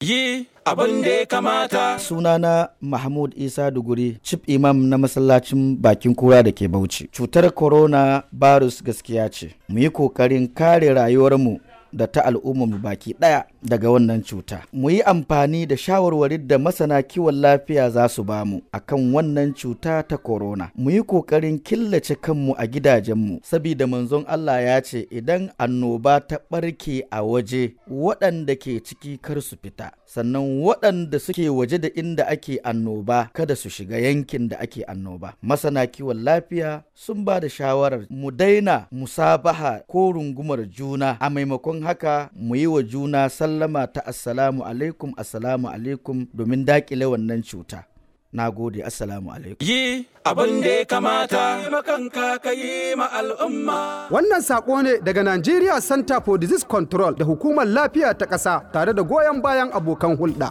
yi abin da ya kamata. Sunana Mahmud Isa Duguri, Chief Imam na masallacin bakin kura da ke Bauchi. Cutar corona virus gaskiya ce. Mu yi kokarin kare rayuwarmu da ta al'ummarmu baki ɗaya. daga wannan cuta. Mu yi amfani da shawarwarin da masana kiwon lafiya za su ba mu a kan wannan cuta ta korona. Mu yi ƙoƙarin killace kanmu a gidajenmu, sabida manzon Allah ya ce idan annoba ta ɓarke a waje waɗanda ke ciki kar su fita, sannan waɗanda suke waje da inda ake annoba kada su shiga yankin da ake annoba. Masana kiwon lafiya sun ba da shawarar mu daina musabaha ko rungumar juna a maimakon haka mu yi wa juna sallah sallama ta assalamu alaikum assalamu alaikum domin dakile wannan cuta na gode assalamu alaikum yi abin da ya kamata makanka ka yi ma al'umma wannan sako ne daga Nigeria Center for Disease Control da hukumar lafiya ta ƙasa tare da goyon bayan abokan hulɗa